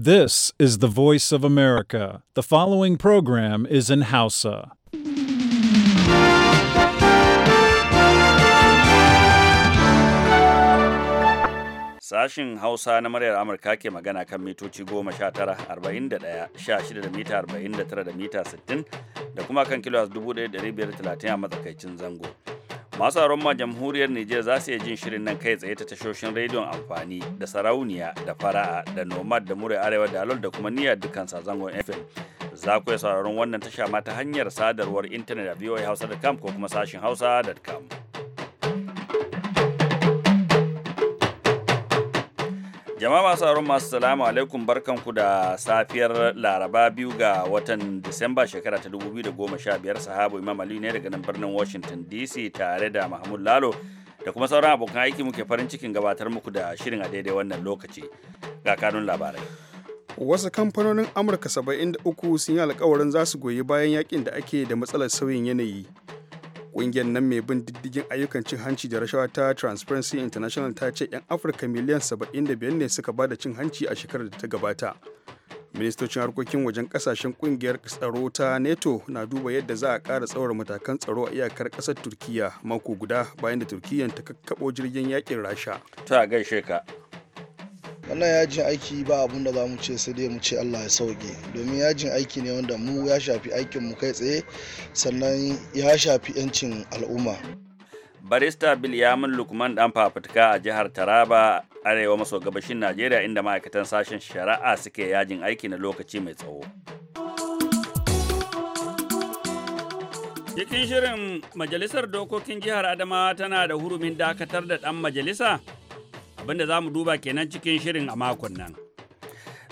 This is the voice of America. The following program is in Hausa. Sashin Hausa na muryar Amurka ke magana kan mitoci goma sha tara arba'in da sha shida da mita arba'in da tara da mita sittin da kuma kan kilo dubu ɗaya a matsakaicin zango. masu aron ma jamhuriyar Nijar za su iya jin shirin nan kai tsaye ta tashoshin rediyon amfani da sarauniya da fara'a da nomad da murai arewa da alol da kuma niyyar dukkan zangon FM. Za ku iya sauraron wannan tasha ma ta hanyar sadarwar intanet a voahausa.com ko kuma sashin hausa.com. Jama'a masu sauraron masu salamu alaikum barkanku da safiyar Laraba biyu ga watan Disamba shekara ta da 2015 sahabu Imam Ali ne daga nan birnin Washington DC tare da Mahmud Lalo da kuma sauran abokan aiki muke farin cikin gabatar muku da shirin a daidai wannan lokaci ga kanun labarai. Wasu kamfanonin Amurka 73 sun yi alkawarin za su goyi bayan yakin da ake da matsalar sauyin yanayi. ƙungiyar nan mai bin diddigin ayyukan cin hanci da rashawa ta transparency international ta ce 'yan afirka miliyan 75 ne suka bada cin hanci a shekarar da ta gabata ministocin harkokin wajen kasashen ƙungiyar tsaro ta neto na duba yadda za a ƙara tsawar matakan tsaro a iyakar ƙasar turkiyya mako guda bayan da turkiyya ta kakkaɓo jirgin yakin rasha ta gaishe ka wannan yajin aiki ba abun da za mu ce sai dai mu ce allah ya sauke domin yajin aiki ne wanda mu ya shafi aikin mu kai tsaye sannan ya shafi 'yancin al'umma barista bilyamin lukman dan fafutuka a jihar taraba arewa maso gabashin najeriya inda ma'aikatan sashen shari'a suke yajin aiki na lokaci mai tsawo cikin shirin majalisar dokokin jihar adamawa tana da hurumin dakatar da dan majalisa abinda za mu duba kenan cikin shirin a makon nan.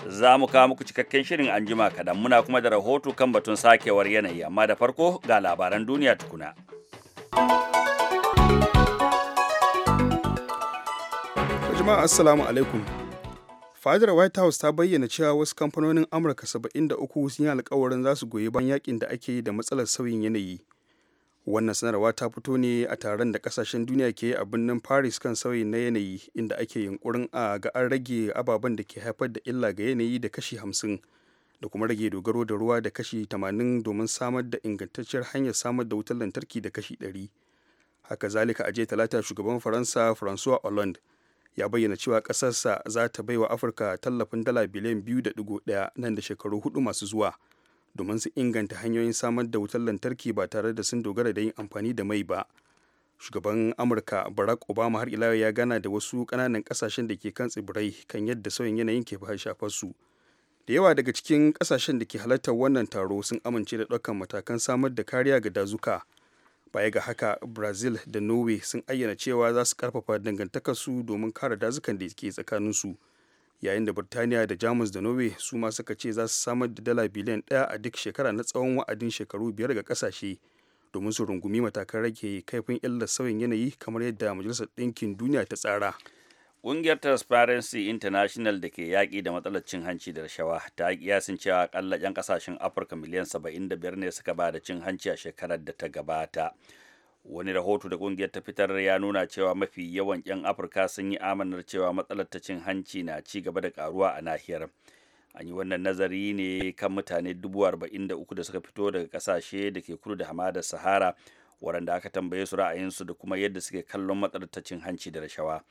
Za mu kawo muku cikakken shirin an jima kaɗan muna kuma da rahoto kan batun sakewar yanayi amma da farko ga labaran duniya tukuna. Jama'a Assalamu alaikum. Fadar White House ta bayyana cewa wasu kamfanonin Amurka 73 sun yi alkawarin za su goyi bayan yakin da ake yi da matsalar sauyin yanayi. wannan sanarwa ta fito ne a taron da kasashen duniya ke a birnin paris kan sauyi na yanayi inda ake yunkurin a ga an rage ababen da ke haifar da illa ga yanayi da kashi hamsin da kuma rage dogaro da ruwa da kashi 80 domin samar da ingantacciyar hanyar samar da wutar lantarki da kashi 100 haka zalika a jiya talata shugaban faransa francois hollande ya bayyana cewa kasarsa za ta baiwa afirka tallafin dala biliyan 2.1 nan da shekaru hudu masu zuwa domin su inganta hanyoyin samar da wutar lantarki ba tare da sun dogara da yin amfani da mai ba shugaban amurka barack obama har ila ya gana da wasu kananan kasashen da ke kan tsibirai kan yadda sauyin yanayin ke shafar su da yawa daga cikin kasashen da ke halartar wannan taro sun amince da ɗaukan matakan samar da kariya ga dazuka baya ga haka brazil da norway sun ayyana cewa za su karfafa dangantakarsu domin kare dazukan da ke tsakaninsu su yayin da birtaniya da jamus da norway su ma suka ce za su samar da dala biliyan ɗaya a duk shekara na tsawon wa'adin shekaru biyar ga kasashe domin su rungumi matakan rage kaifin illar sauyin yanayi kamar yadda majalisar ɗinkin duniya ta tsara Ƙungiyar Transparency International da ke yaƙi da matsalar cin hanci da rashawa ta kiyasin cewa akalla 'yan ƙasashen Afirka miliyan 75 ne suka ba da cin hanci a shekarar da ta gabata. wani rahoto da kungiyar ta fitar ya nuna cewa mafi yawan 'yan afirka sun yi amanar cewa matsalar ta cin hanci na ci gaba da karuwa a nahiyar an yi wannan nazari ne kan mutane arba'in da suka fito daga kasashe da ke kudu da hamadar sahara waɗanda aka tambaye su ra'ayinsu da kuma yadda suke kallon matsalar ta cin hanci da rashawa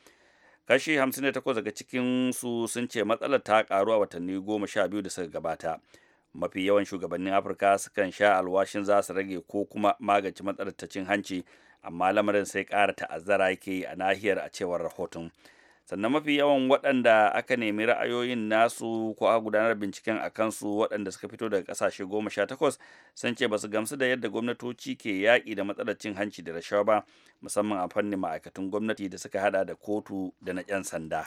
kashi 58 daga cikin su sun ce matsalar ta karu a watanni biyu da suka gabata mafi yawan shugabannin afirka sukan sha alwashin za su rage ko kuma magance matsalar cin hanci amma lamarin sai ƙara ta'azzara yake a nahiyar a cewar rahoton sannan mafi yawan waɗanda aka nemi ra'ayoyin nasu ko aka gudanar binciken a kansu waɗanda suka fito daga ƙasashe goma sha takwas sun ce ba su gamsu da yadda gwamnatoci ke yaƙi da matsalar cin hanci da rashawa ba musamman a fannin ma'aikatan gwamnati da suka hada da kotu da na 'yan sanda.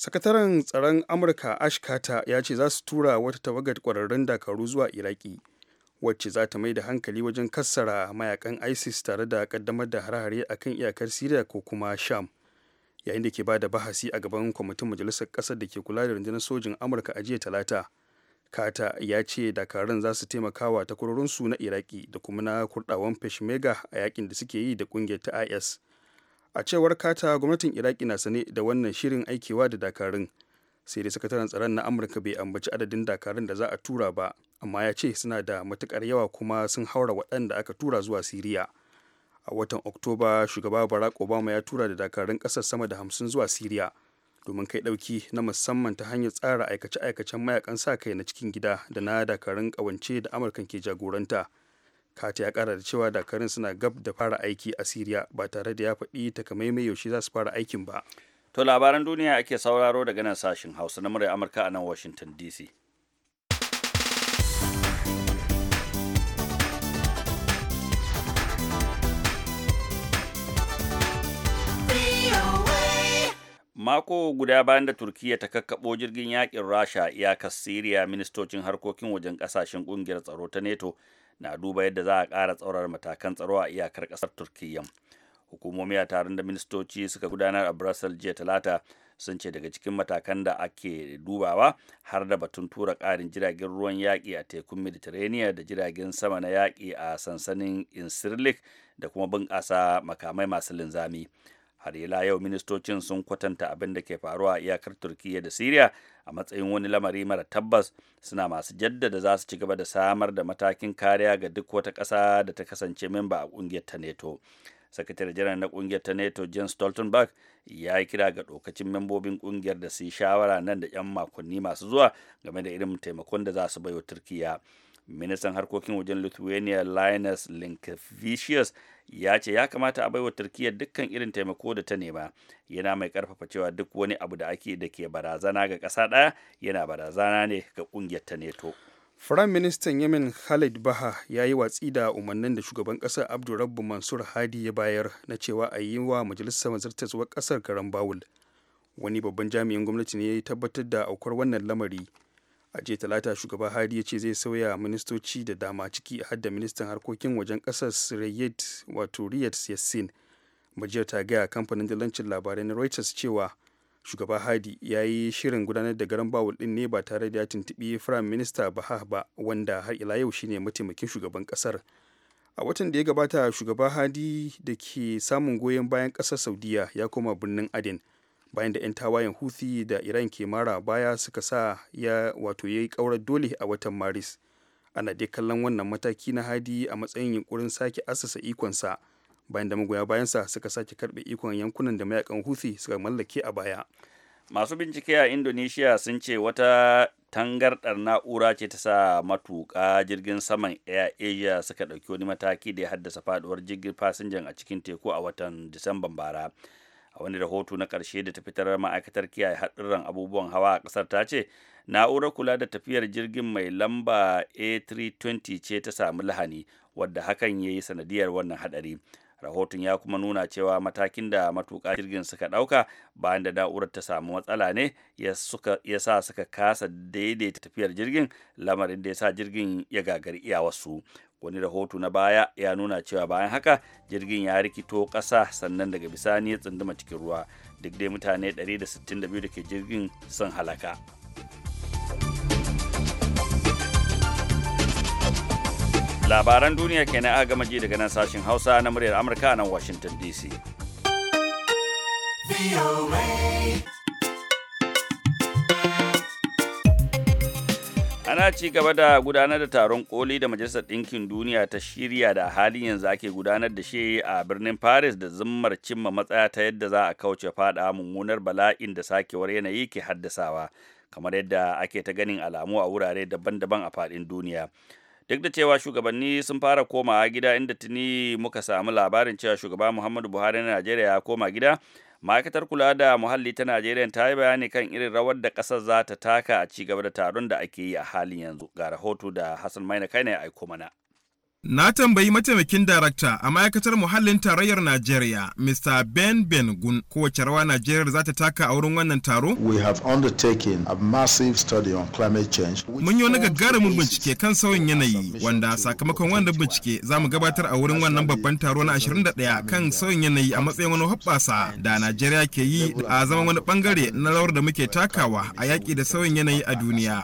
sakataren tsaron amurka ash carter ya ce za su tura wata tawagar kwararrun dakaru zuwa iraki wacce za ta mai da hankali wajen kassara mayakan isis tare da kaddamar da hare-hare a kan iyakar syria ko kuma sham yayin da ke ba da bahasi a gaban kwamitin majalisar ƙasar da ke kula da rundunar sojin amurka a jiya talata kata ya ce dakarun za su taimaka wa takwarorinsu na iraki da kuma na kurdawan peshmerga a yakin da suke yi da kungiyar ta is a cewar kata gwamnatin iraki na sane da wannan shirin aikewa da dakarun sai dai sakataren tsaron na amurka bai ambaci adadin dakarun da za a tura ba amma ya ce suna da matukar yawa kuma sun haura waɗanda aka tura zuwa siriya a watan oktoba shugaba barack obama ya tura da dakarun ƙasar sama da hamsin zuwa siriya domin kai ɗauki na musamman ta hanyar tsara aikace-aikacen mayakan sa kai na cikin gida da na dakarun kawance da amurka ke jagoranta kati ya kara da cewa dakarun suna gab da fara aiki a siriya ba tare da ya faɗi takamaimai yaushe za su fara aikin ba to labaran duniya ake sauraro daga nan sashen hausa na murya amurka a nan washington dc mako guda bayan da turkiya ta kakkaɓo jirgin yakin rasha iyakar siriya ministocin harkokin wajen ƙasashen ƙungiyar tsaro ta neto na duba yadda za a ƙara tsaurar matakan tsaro a iyakar ƙasar turkiyya hukumomi a taron da ministoci suka gudanar a brussels jiya talata sun ce daga cikin matakan da ake dubawa har da batun tura ƙarin jiragen ruwan yaƙi a tekun mediterania da jiragen sama na yaƙi a sansanin insirlik da kuma bunƙasa makamai masu linzami har ila yau ministocin sun kwatanta abin da ke faruwa a iyakar turkiyya da siriya a matsayin wani lamari mara tabbas suna masu jaddada za su ci gaba da samar da matakin kariya ga duk wata ƙasa da ta kasance memba a ƙungiyar ta neto sakatare janar na ƙungiyar ta neto james stoltenberg ya yi kira ga ɗokacin membobin ƙungiyar da su yi shawara nan da 'yan makonni masu zuwa game da irin taimakon da za su baiwa turkiyya ministan harkokin wajen lithuania linus linkevicius ya ce ya kamata a baiwa turkiyya dukkan irin taimako da ta nema yana mai karfafa cewa duk wani abu da ake da ke barazana ga kasa daya yana barazana ne ga kungiyar ta neto Firayim Ministan Yemen Khalid Baha ya yi watsi da umarnin da shugaban ƙasar Abdurrabbu Mansur Hadi ya bayar na cewa a yi wa majalisar zartaswar ƙasar garan Bawul. Wani babban jami'in gwamnati ne ya tabbatar da aukar wannan lamari a jiya talata shugaba hadi ya ce zai sauya ministoci da dama ciki a hadda ministan harkokin wajen kasar riyad wato riyad yassin majiyar ta gaya kamfanin dalancin labarai na reuters cewa shugaba hadi ya yi shirin gudanar da garan bawul din ne ba tare da ya tuntuɓi firayim minista baha ba wanda har ila yau shine mataimakin shugaban kasar a watan da ya gabata shugaba hadi da ke samun goyon bayan kasar saudiya ya koma birnin adin bayan da 'yan tawayen huthi da iran ke mara baya suka sa ya wato ya yi kaurar dole a watan maris ana dai kallon wannan mataki na hadi a matsayin yunkurin sake asasa ikonsa bayan da magoya bayansa suka sake karbe ikon yankunan da mayakan huthi suka mallake a baya masu bincike a indonesia sun ce wata tangardar na'ura ce ta sa matuƙa jirgin saman air asia suka ɗauki wani mataki da ya haddasa faduwar jirgin fasinjan a cikin teku a watan disamban bara a wani rahoto na ƙarshe da ta fitar ma'aikatar kiyaye haɗurran abubuwan hawa a ƙasar ta ce na'urar kula da tafiyar jirgin mai lamba a320 ce ta samu lahani wadda hakan ya yi sanadiyar wannan haɗari rahoton ya kuma nuna cewa matakin da matuƙa jirgin suka ɗauka bayan da na'urar ta samu matsala ne ya sa suka kasa daidaita tafiyar jirgin lamarin da ya sa jirgin ya gagari iyawarsu wani rahoto na baya ya nuna cewa bayan haka jirgin ya rikito ƙasa sannan daga bisani ya tsunduma cikin ruwa duk dai mutane 162 da ke jirgin sun halaka labaran duniya kenan aka gama ji daga nan sashen hausa na muryar amurka nan washington dc ana ci gaba da gudanar da taron koli da majalisar ɗinkin duniya ta shirya da halin yanzu ake gudanar da shi a birnin paris da zimmar cimma matsaya ta yadda za a kauce fada mummunar bala'in da sakewar yanayi ke haddasawa kamar yadda ake ta ganin alamu a wurare daban-daban a faɗin duniya duk da cewa shugabanni sun fara komawa gida inda tuni muka samu labarin cewa shugaba muhammadu buhari na najeriya ya koma gida ma'aikatar kula da muhalli ta najeriya ta yi bayani kan irin rawar da ƙasar za ta taka a ci gaba da taron da ake yi a halin yanzu ga rahoto da hassan maina kai ne aiko mana Na tambayi mataimakin darakta a ma'aikatar muhallin tarayyar Najeriya, Mr. Ben Ben Bengun, kowace rawa Najeriya za ta taka a wurin wannan taro? We have undertaken a massive study on climate change. Mun yi wani gagarumin bincike kan sauyin yanayi, wanda sakamakon wannan bincike za mu gabatar a wurin wannan babban taro na 21 kan sauyin yanayi a matsayin wani hoɓɓasa da Najeriya ke yi a zama wani bangare na rawar da muke takawa a yaƙi da sauyin yanayi a duniya.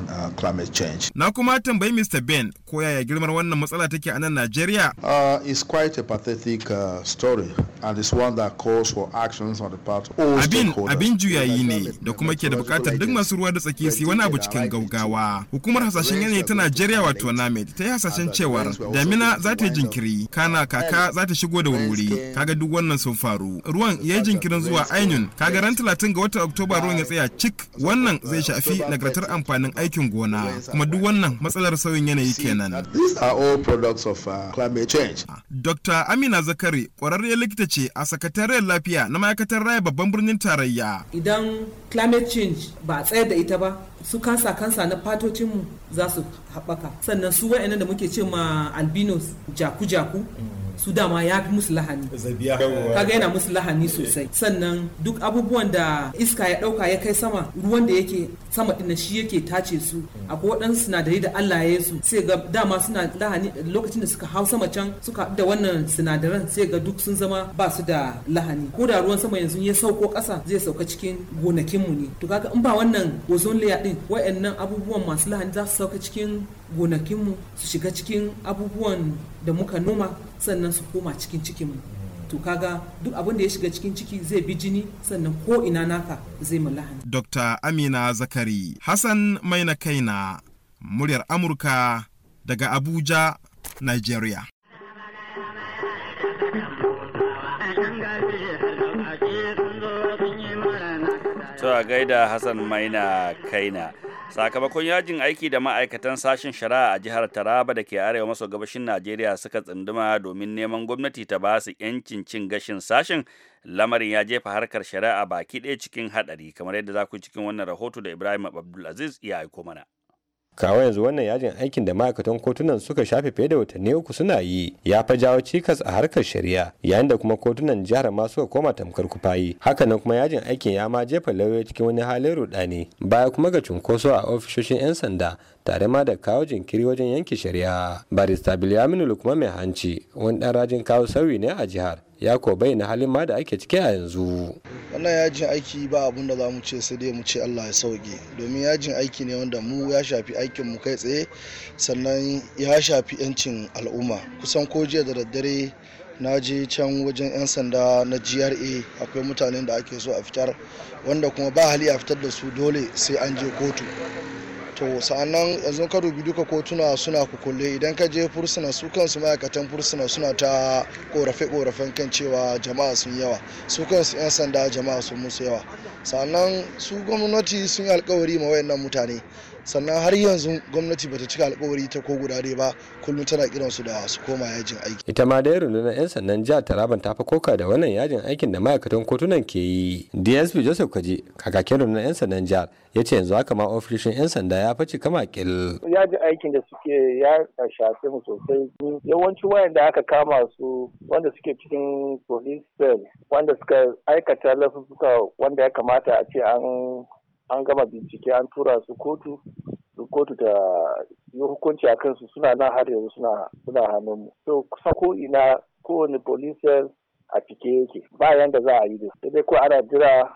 Uh, climat-change Na kuma tambayi Mr. ben ko yaya girmar wannan matsala take a nan najeriya uh, is quite a pathetic uh, story and it's one that calls for actions on the part of all abin abin juyayi ne da kuma ke da bukatar duk masu ruwa da tsaki su wani abu cikin gaugawa hukumar hasashen yanayi ta najeriya wato named ta yi hasashen cewar damina za ta yi jinkiri kana kaka za ta shigo da wurwuri kaga duk wannan sun faru ruwan ya yi jinkirin zuwa ainun kaga ran talatin ga watan oktoba ruwan ya tsaya cik wannan zai shafi nagartar amfanin aikin gona kuma duk wannan matsalar sauyin yanayi yanayi kenan. are all products of uh, climate change. Ah, Dr. Amina Zakari ƙwararriyar likita ce a sakatariyar lafiya na ma'aikatar raya babban birnin tarayya. Idan climate change ba a tsayar da ita ba su kansa kansa na fatocinmu za su haɓaka sannan su wa'annan da muke ce ma albinos jaku-jaku su dama ya fi musu lahani kaga yana musu lahani sosai sannan duk abubuwan da iska ya ɗauka ya kai sama ruwan da yake sama ɗin shi yake tace su akwai waɗansu sinadarai da Allah ya su sai ga dama suna lahani lokacin da suka hau sama can suka da wannan sinadaran sai ga duk sun zama ba su da lahani ko da ruwan sama yanzu ya sauko ƙasa zai sauka cikin gonakin mu ne to kaga in ba wannan ozon layer din wayannan abubuwan masu lahani za su sauka cikin gonakin mu su shiga cikin abubuwan da muka noma sannan su koma cikin cikin mu to kaga duk abin da ya shiga cikin ciki zai bi jini sannan ko ina naka zai lahani. Dr. Amina Zakari Hassan Maina Kaina muryar Amurka daga Abuja, Nigeria. To a gaida Hassan Maina Kaina. sakamakon yajin aiki da ma'aikatan sashen shari'a a jihar taraba da ke arewa maso gabashin najeriya suka tsunduma domin neman gwamnati ta ba su yancin cin gashin sashen lamarin ya jefa harkar shari'a baki ɗaya cikin haɗari kamar yadda za ku cikin wannan rahoto da ibrahim abdulaziz ya aiko mana kawo yanzu wannan yajin aikin da ma'aikatan kotunan suka shafe fiye da watanni uku suna yi ya fa jawo cikas a harkar shari'a yayin da kuma kotunan jihar ma suka koma tamkar kufayi nan kuma yajin aikin ya ma jefa lauyoyi cikin wani halin rudani baya kuma ga cunkoso a ofishoshin 'yan sanda tare ma da kawo jinkiri wajen yanke shari'a barista Biliyaminu lukman mai hanci wani ɗan rajin kawo sauyi ne a jihar ya ko na halin ma da ake ciki a yanzu wannan yajin aiki ba abun da za mu ce sai dai mu ce allah ya sauke domin yajin aiki ne wanda mu ya shafi aikin mu kai tsaye sannan ya shafi 'yancin al'umma kusan ko jiya da daddare na je can wajen 'yan sanda na gra akwai mutanen da ake so a fitar wanda kuma ba hali a fitar da su dole sai an je kotu to sa'annan yanzu ka dubi duka kotuna suna kukulle idan ka je fursuna su kansu ma'aikatan fursuna suna ta korafe korafen kan cewa jama'a sun yawa su kansu 'yan sanda jama'a sun musu yawa sa'annan su gwamnati sun yi alkawari ma wayannan mutane sannan har yanzu gwamnati bata cika alkawari ta ko guda ba kullum tana kiran su da su koma yajin aiki ita ma dai rundunar yan sandan jihar taraban ta fi koka da wannan yajin aikin da ma'aikatan kotunan ke yi dsp joseph kwaji kakakin rundunar yan sandan jihar ya ce yanzu haka ma ofishin yan sanda ya faci kama kil yajin aikin da suke ya shafe mu sosai yawanci wayan da aka kama su wanda suke cikin police cell wanda suka aikata lafuffuka wanda ya kamata a ce an an gama bincike an tura su kotu su kotu ta yi hukunci a kansu suna nan har yanzu suna suna hannunmu so kusa ko ina kowane police a cike yake ba yanda za a yi da dai ko ana jira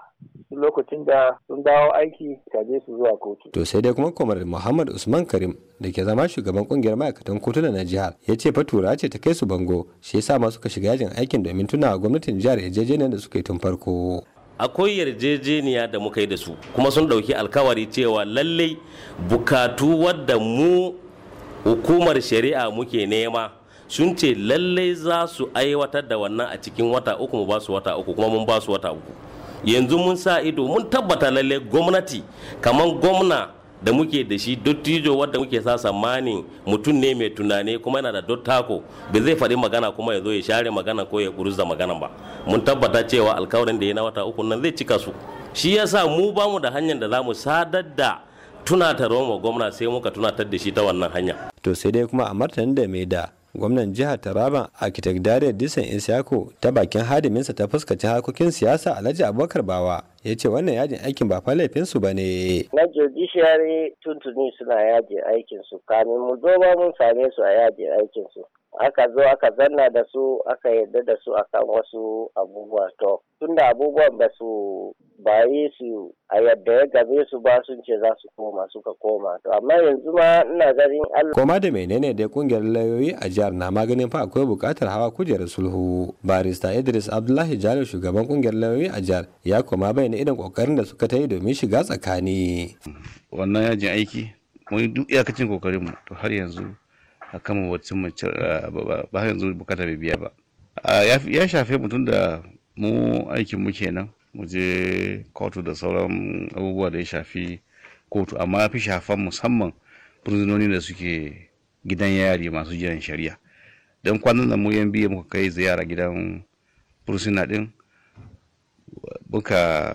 lokacin da sun dawo aiki kaje su zuwa kotu. To sai dai kuma kwamar Muhammad Usman Karim da ke zama shugaban kungiyar ma'aikatan kotuna na jihar ya ce fatura ce ta kai su bango shi ya sa ma suka shiga yajin aikin domin tunawa gwamnatin jihar yajejeniyar da suka yi tun farko. akwai yarjejeniya da muka yi da su kuma sun ɗauki alkawari cewa lallai bukatu wadda mu hukumar shari'a muke nema sun ce lallai za su aiwatar da wannan a cikin wata uku mu ba su wata uku kuma mun ba su wata uku yanzu mun sa ido mun tabbata lallai gwamnati kamar gwamna da muke da shi dottijo wadda muke sa samani mutum ne mai tunani kuma yana da dottako ba zai faɗi magana kuma ya zo ya share magana ko ya ƙurza magana ba mun tabbata cewa alkawarin da ya na wata uku nan zai cika su shi yasa mu ba mu da hanyar da za mu sadar da tunatarwa wa gwamna sai muka tunatar da shi ta wannan hanya to sai dai kuma a martanin da mai da gwamnan jihar taraba architect dare disan isiyako ta bakin hadiminsa ta fuskaci harkokin siyasa alhaji abubakar bawa ya ce wannan yajin aikin ba fa su ba ne. na judiciary tuntuni suna yajin aikinsu kamin mu zo ba mun same su a yajin su. aka zo aka zanna da su aka yarda da su akan wasu abubuwa to tunda abubuwan ba su bayi su a yadda ya gabe su ba sun ce za su koma suka koma to amma yanzu ma ina ganin Allah koma da menene da kungiyar lauyoyi a jihar na maganin fa akwai bukatar hawa kujerar sulhu barista Idris Abdullahi Jalo shugaban kungiyar lauyoyi a jihar ya koma bayyana irin kokarin da suka ta yi domin shiga tsakani wannan yajin aiki mun duk iyakacin kokarin mu to har yanzu akan wacce mace ah, ba har yanzu bukata bai biya ba ah, ya shafe mutum da mu aikin mu kenan mu je kotu da sauran abubuwa da ya shafi kotu amma ya fi shafan musamman fursunoni da suke gidan yari masu jiran shari'a don kwanan da mu yan biya muka kai ziyara gidan fursuna din muka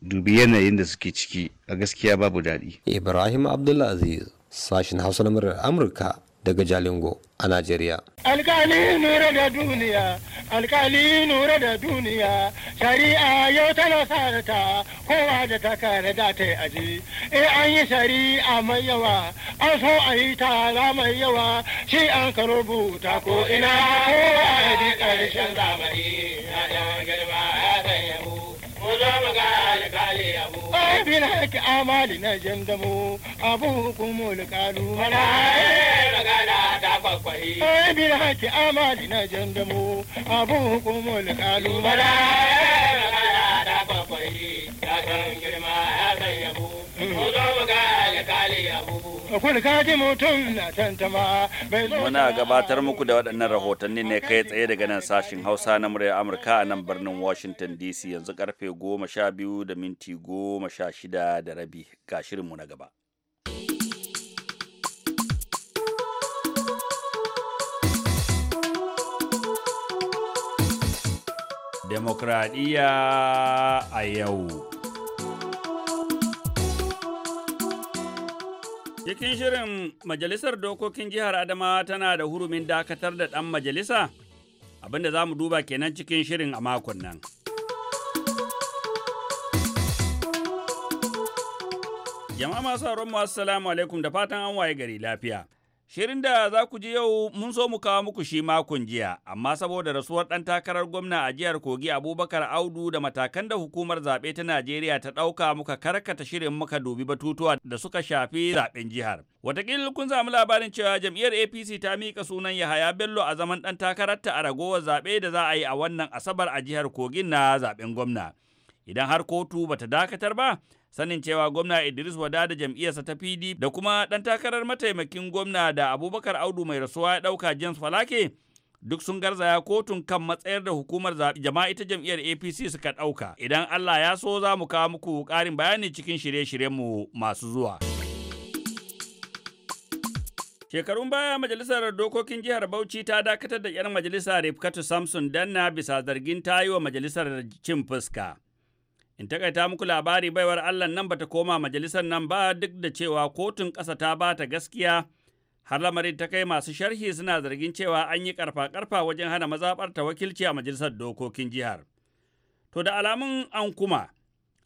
dubi yanayin da suke ciki a gaskiya babu daɗi ibrahim aziz sashen hausa na murar amurka daga Jalingo a Najeriya. Alkali nura da duniya, alkali nura da duniya, shari'a yau tana sa ta kowa da ta kare da ta yi aji. E an yi shari'a mai yawa, an so a yi tara mai yawa, shi an ka rubuta ko ina kowa yi karshen zamani, ya girma bina ka amali na jandamu abu hukumu lukalu mana ya eh, magana ta kwakwai ai eh, bina ka amali na jandamu abu hukumu lukalu mana ya eh, magana ta kwakwai ta kan girma ya zayyabu Muna gabatar muku da waɗannan rahotanni ne kai tsaye daga nan sashin Hausa na muryar Amurka a nan birnin Washington DC yanzu karfe goma sha da minti goma sha shida da rabi ga shirinmu na gaba. Demokradiyya a yau. Cikin shirin Majalisar Dokokin Jihar Adamawa tana da hurumin dakatar da ɗan majalisa? Abinda za mu duba kenan cikin shirin a makon nan. Jama'a masu mu assalamu alaikum da fatan an waye gari lafiya. Shirin da za ku ji yau mun so mu kawo muku shi makon jiya, amma saboda rasuwar ɗan takarar gwamna a jihar Kogi Abubakar Audu da matakan da hukumar zaɓe ta Najeriya ta ɗauka muka karkata shirin muka dubi batutuwa da suka shafi zaɓen jihar. Wataƙila kun samu labarin cewa jam'iyyar APC ta miƙa sunan Yahaya Bello a zaman ɗan takararta a ragowar zaɓe da za a yi a wannan Asabar a jihar Kogin na zaɓen gwamna. Idan har kotu bata dakatar ba, sanin cewa gwamna Idris Wada da jam'iyyarsa ta PD da kuma ɗan takarar mataimakin gwamna da Abubakar Audu mai rasuwa ya ɗauka James Falake duk sun garzaya kotun kan matsayar da hukumar zaɓe jama'a ita jam'iyyar APC suka ɗauka. Idan Allah ya so za mu kawo muku ƙarin bayani cikin shirye-shiryenmu masu zuwa. Shekarun baya majalisar dokokin jihar Bauchi ta dakatar da 'yar majalisa Rifkatu Samson Danna bisa zargin ta yi wa majalisar cin fuska. In takaita muku labari baiwar Allah nan bata koma majalisar nan ba duk da cewa kotun ƙasa ta ba ta gaskiya har lamarin ta kai masu sharhi suna zargin cewa an yi karfa-karfa wajen hana mazaɓar ta wakilci a majalisar dokokin jihar. To da alamun an kuma,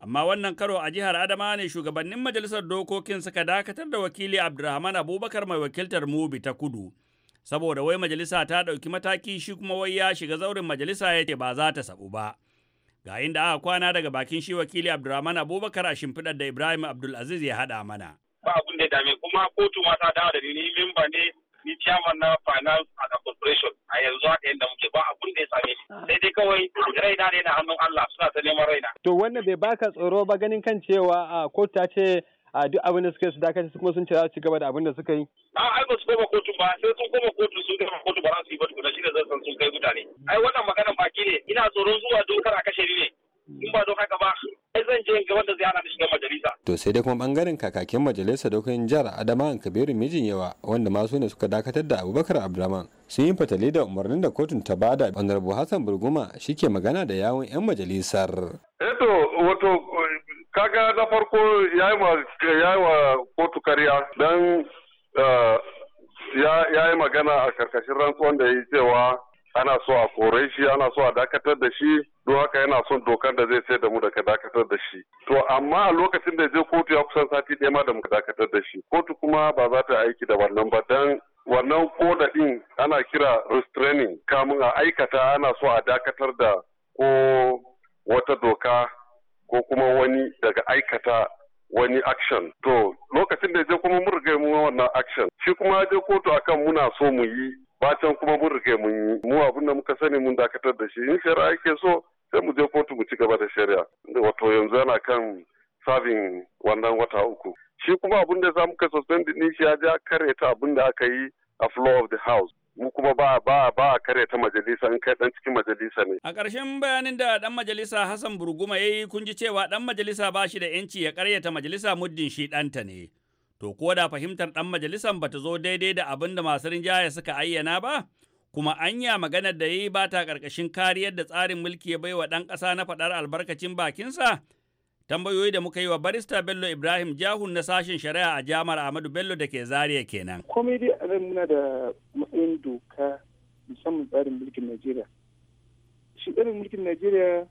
amma wannan karo a jihar Adama ne shugabannin majalisar dokokin suka dakatar da wakili Abdulrahman Abubakar mai wakiltar Mubi ta kudu. Saboda wai majalisa ta ɗauki mataki shi kuma wai ya shiga zaurin majalisa ya ce ba za ta sabu ba. Ga inda aka kwana daga bakin shi wakili Abdulrahman Abubakar a shimfiɗar da Ibrahim Abdulaziz ya haɗa mana. Ba abun da dame kuma kotu ma ta dawo da ni ni memba ne ni chairman na finance and corporation a yanzu haka yadda muke ba abun da ya same ni ah. sai dai kawai raina ne na hannun Allah suna ta neman raina. To wannan bai baka tsoro ba ganin kan cewa a kotu ta ce a duk abin da suka su su kuma sun cira za gaba da abin da suka yi a ai ba su koma kotu ba sai sun koma kotu sun kai kotu ba za su yi ba tukuna ne zan san sun kai mutane ai wannan magana baki ne ina tsoron zuwa dokar a kashe ne in ba don haka ba ai zan je ga wanda zai hana da shiga majalisa to sai dai kuma bangaren kakakin majalisa dokokin jihar Adama Kabiru mijin yawa wanda ma su ne suka dakatar da Abubakar Abdulrahman sun yi fatali da umarnin da kotun ta bada Honorable Hassan Burguma shike magana da yawun yan majalisar eh wato kaga na farko ya yi wa kotu kariya don eh, ya yi magana a karkashin rantsuwan da ya yi cewa ana so a kore shi ana so a dakatar da shi don haka yana son dokar da zai sai da mu daga dakatar da shi to amma a lokacin da zai kotu ya kusan sati ɗaya ma da mu dakatar da shi kotu kuma ba za ta aiki da wannan ba don wannan koda ɗin ana kira restraining kamun a aikata ana so a dakatar da ko wata doka ko kuma wani daga aikata wani action to lokacin da je kuma mun riga mun wannan action shi kuma je kotu akan muna so mu yi bacan kuma mun riga mun yi mu abin da muka sani mun dakatar da shi in shari'a yake so sai mu je kotu mu ci gaba da shari'a wato yanzu yana kan serving wannan wata uku shi kuma abin da za muka suspend din shi ya ja kare ta abin da aka yi a floor of the house mu kuma ba ba ba kare ta majalisa in kai dan cikin majalisa ne a ƙarshen bayanin da dan majalisa Hassan Burguma yayi kun ji cewa dan majalisa ba shi da yanci ya karyata majalisa muddin shi ɗanta ne to ko da fahimtar dan majalisan bata zo daidai da abin da masu rinjaya suka ayyana ba kuma anya maganar da yayi ba ta ƙarƙashin kariyar da tsarin mulki ya baiwa ɗan ƙasa na faɗar albarkacin bakinsa Tambayoyi da muka yi wa barista Bello Ibrahim Jahun na sashen shari'a a jami'ar Ahmadu Bello da ke zariya kenan. Komai dai a muna da matsayin doka musamman tsarin mulkin Najeriya. Shi tsarin mulkin Najeriya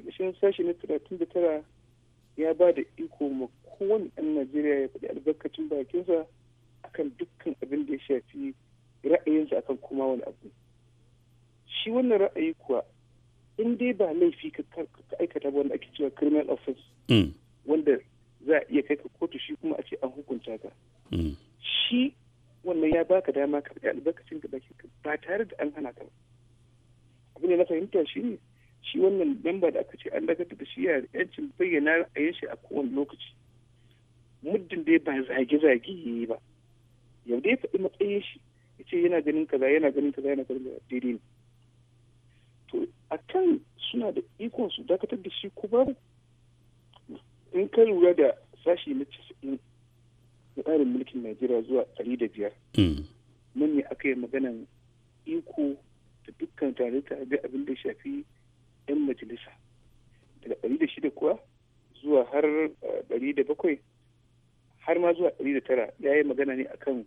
ƙarshen sashi na talatin da tara ya ba da iko ma kowane ɗan Najeriya ya faɗi albarkacin bakinsa akan dukkan abin da ya shafi ra'ayinsa akan kuma wani abu. Shi wannan ra'ayi kuwa in dai ba laifi ka aikata wanda ake cewa criminal offense mm. wanda za a iya kai ka kotu shi kuma a ce an hukunta ka mm. shi wannan ya baka dama ka faɗi albarkacin ka baki ba tare da an hana ka ba abin da na fahimta shi ne shi wannan lamba da aka ce an dakatar da shi ya yancin bayyana ra'ayin shi a kowane lokaci muddin dai ba zage-zage ya yi ba yau dai faɗi matsayin shi ya ce yana ganin kaza yana ganin kaza yana ganin kaza daidai ne a kan suna da ikon su dakatar da shi ko babu in ka lura da sashi na casa'in na tsarin mulkin najeriya zuwa ɗari da biyar mun hmm. ne aka yi maganan iko da dukkan tare ta abin da shafi 'yan majalisa daga ɗari da shida kuwa zuwa har eh, ɗari da bakwai har ma zuwa ɗari da tara ya yi magana ne akan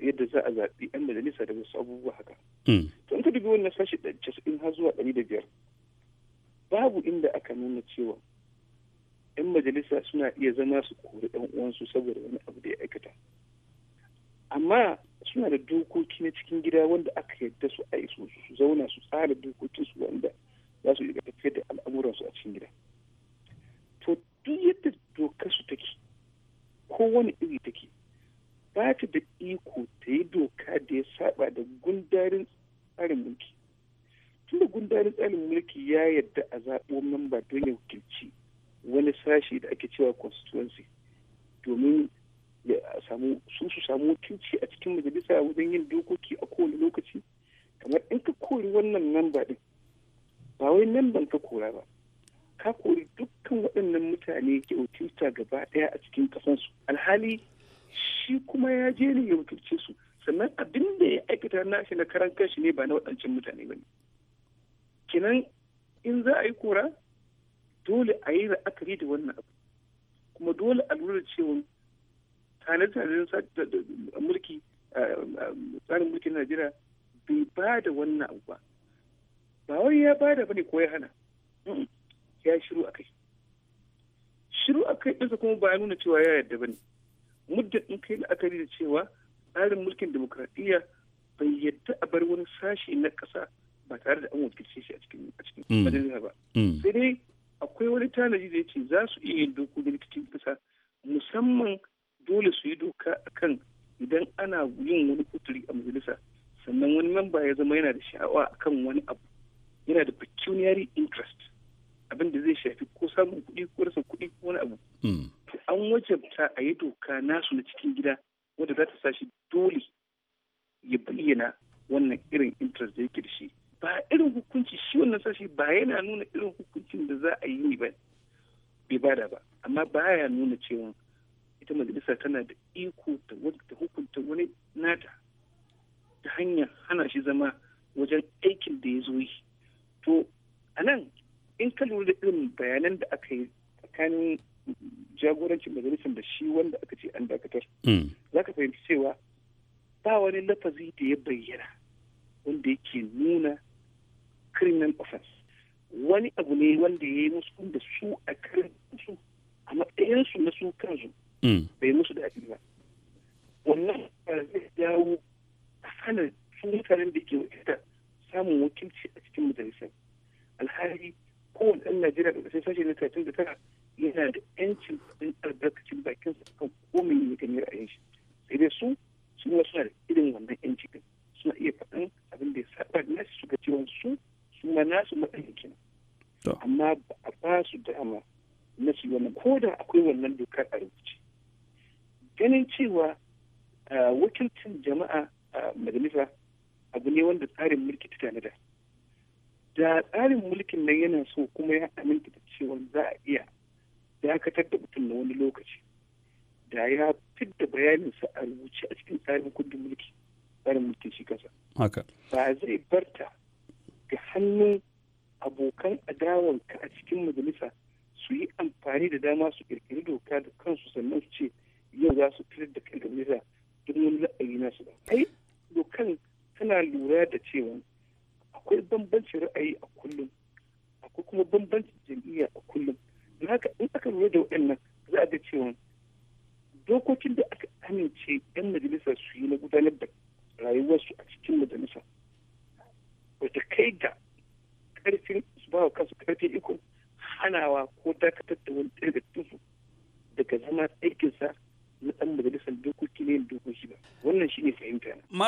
yadda za a zaɓi 'yan majalisa da wasu abubuwa haka. Hmm. Tun ta dubi wannan sashi casa'in har zuwa ɗari da biyar babu inda aka nuna cewa 'yan majalisa suna iya zama su kori ɗan uwansu saboda wani abu da ya aikata. Amma suna da dokoki na cikin gida wanda aka yadda su a su su zauna su tsara dokokin su wanda za su iya tafiyar da al'amuransu a cikin gida. To duk yadda dokar su take ko wani iri take ba ta da iko ta yi doka da ya saba da gundarin tsarin mulki tun da gundarin tsarin mulki ya yadda a zaɓo mamba don ya wakilci wani sashi da ake cewa constituency domin ya samu su su samu wakilci a cikin majalisa wajen yin dokoki a kowane lokaci kamar in ka kori wannan mamba din ba wai namban ka kora ba ka kori dukkan waɗannan mutane ke wakilta gaba ɗaya a cikin kasansu alhali shi kuma ya je ne ya wakilce su sannan abin da ya aikata na shi na karan kanshi ne ba na waɗancan mutane ba ne kinan in za a yi kora dole a yi la'akari da wannan abu kuma dole a lura cewa tane-tanen mulki tsarin mulkin najeriya bai ba da wannan abu ba ba wai ya ba da bane ko ya hana ya shiru a kai shiru a kai ɗinsa kuma ba ya nuna cewa ya yarda ne. muddin in kai la'akari da cewa tsarin mulkin demokradiyya bai yadda a bar wani sashi na ƙasa ba tare da an wakilce shi a cikin mm. majalisa ba mm. sai dai akwai wani tanaji da ya ce za su iya yin dokokin cikin ƙasa musamman dole su yi doka akan idan ana yin wani kuturi a majalisa sannan wani memba ya zama yana da sha'awa akan wani abu yana da pecuniary interest abin da zai shafi ko samun kuɗi ko rasa kuɗi ko wani abu mm. an wajabta a yi doka nasu na cikin gida wadda za ta sa dole ya bayyana wannan irin interest da yake da shi ba irin hukunci shi wannan sashi ba yana nuna irin hukuncin da za a yi ne ba bai bada ba amma ba ya nuna cewa ita majalisa tana da iko da hukunta wani nata ta hanyar hana shi zama wajen aikin da ya zo yi to anan nan in ka lura da irin bayanan da aka yi tsakanin jagorancin majalisar da shi wanda aka ce an dakatar hmm. za ka fahimci cewa ba wani lafazi da ya bayyana wanda yake nuna criminal offense wani abu ne wanda ya yi musu da su a su a matsayinsu na su kansu hmm. bai musu da daɗi ba wannan zai jawo a sanar su mutanen da ke wakilta samun wakilci a cikin majalisar alhali kowane ɗan najeriya da ƙasashe sashe na 39 yana da yancin kudin albarkacin bakin sa kan komai ne kan ra'ayin shi sai dai su su suna da irin wannan yanci din suna iya faɗin abin da ya saba da nasu su ga cewa su su ma nasu matsayin amma ba a ba su dama na su wannan ko da akwai wannan dokar a rubuce ganin cewa wakilcin jama'a a majalisa abu ne wanda tsarin mulki ta tanada da tsarin mulkin nan yana so kuma ya aminta da cewa za a iya dakatar da mutum na wani lokaci da ya fidda bayaninsa a rubuce a cikin tsarin kundin mulki tsarin mulkin shi kasa ba zai barta ga hannun abokan adawanka a cikin majalisa su yi amfani da dama su kirkiri doka da kansu sannan su ce yau za su fitar da kan majalisa duk wani ra'ayi nasu ba ai dokan tana lura da cewa akwai bambancin ra'ayi a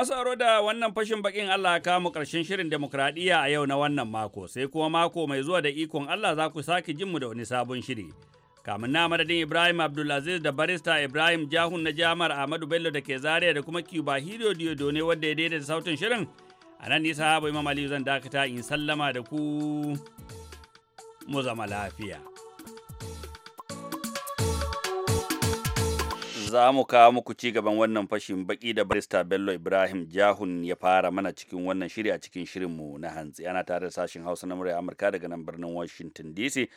Masu aro da wannan fashin bakin Allah ka mu karshen shirin demokradiyya a yau na wannan mako, sai kuma mako mai zuwa da ikon Allah za ku sake jin mu da wani sabon shiri. Kamun na madadin Ibrahim Abdulaziz da barista Ibrahim Jahun na Jamar Ahmadu Bello da ke Zaria da kuma Cuba Hiro ne wanda ya daidaita sautin shirin. A nan nisa Habu Imam Aliyu zan dakata in sallama da ku mu zama lafiya. za mu kawo muku ci gaban wannan fashin baki da barista bello ibrahim jahun ya fara mana cikin wannan shiri a cikin shirinmu na hantsi ana tare da sashen hausa na murya amurka daga nan birnin washington dc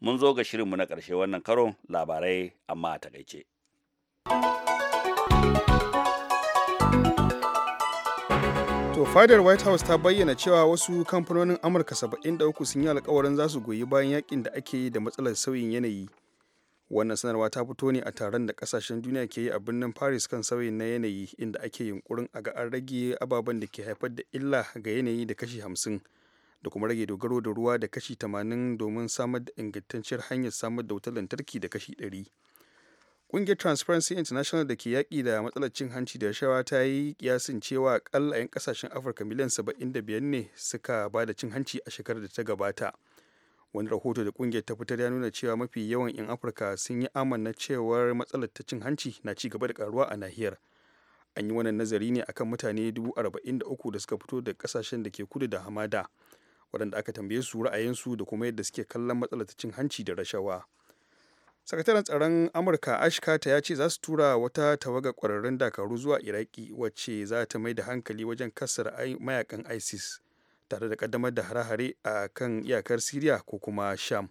mun zo ga shirinmu na karshe wannan karon labarai amma a takaice to fadar white house ta bayyana cewa wasu kamfanonin amurka 73 sun yi alkawarin za su goyi bayan yakin da ake yi da matsalar sauyin yanayi wannan sanarwa ta fito ne a taron da kasashen duniya ke yi a birnin paris kan sauyi na yanayi inda ake yunkurin a ga an rage ababen da ke haifar da illa ga yanayi da kashi hamsin da kuma rage dogaro da ruwa da kashi tamanin domin samar da ingantacciyar hanyar samar da wutar lantarki da kashi ɗari ƙungiyar transparency international da ke yaƙi da matsalar cin hanci da rashawa ta yi kiyasin cewa akalla 'yan kasashen afirka miliyan 75 ne suka ba da cin hanci a shekarar da ta gabata wani rahoto da kungiyar ta fitar ya nuna cewa mafi yawan 'yan afirka sun yi amanna cewar matsalar ta cin hanci na ci gaba da karuwa a nahiyar an yi wannan nazari ne akan mutane 43 da suka fito da kasashen da ke kudu da hamada waɗanda aka tambaye su ra'ayinsu da kuma yadda suke kallon matsalar ta cin hanci da rashawa sakataren tsaron amurka ashkata ya ce za su tura wata tawaga kwararrun dakaru zuwa iraki wacce za ta mai da hankali wajen kasar mayakan isis tare da kaddamar da hare-hare a kan iyakar siriya ko kuma sham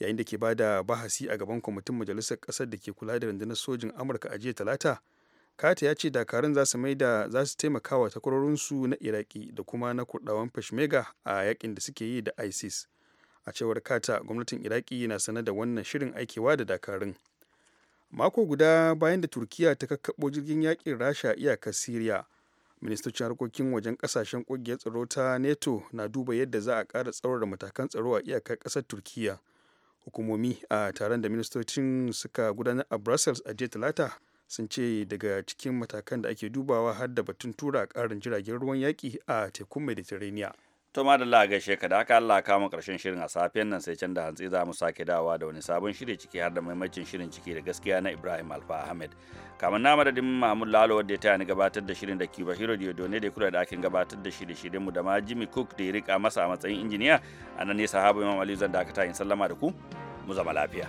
yayin da ke ba da bahasi a gaban kwamitin majalisar kasar da ke kula da rundunar sojin amurka a jiya talata kata ya ce dakarun za su mai da za su taimaka wa takwarorinsu na iraki da kuma na kurdawan peshmerga a yakin da suke yi da isis a cewar kata gwamnatin iraki na sanar da wannan shirin aikewa da dakarun mako guda bayan da turkiya ta kakkaɓo jirgin yakin rasha iyakar siriya ministocin harkokin wajen kasashen kungiyar tsaro ta neto na duba yadda za a ƙara tsaurara matakan tsaro a iyakar ƙasar turkiya hukumomi a taron da ministocin suka gudanar a brussels a jiya talata sun ce daga cikin matakan da ake dubawa har da batun tura ƙarin jiragen ruwan yaƙi a tekun mediterranean to ma da Allah gaishe ka da aka Allah kama karshen shirin a safiyan nan sai can da hantsi za mu sake dawa da wani sabon shirin ciki har da maimacin shirin ciki da gaskiya na Ibrahim Alfa Ahmed kamar na madadin Mahmud Lalo wanda ya tayani gabatar da shirin da Kiba Hiro ne da kula da akin gabatar da shirye shirye mu da ma Jimmy Cook da ya rika masa a matsayin injiniya anan ne sahaba Imam Ali zan da aka tayin sallama da ku mu zama lafiya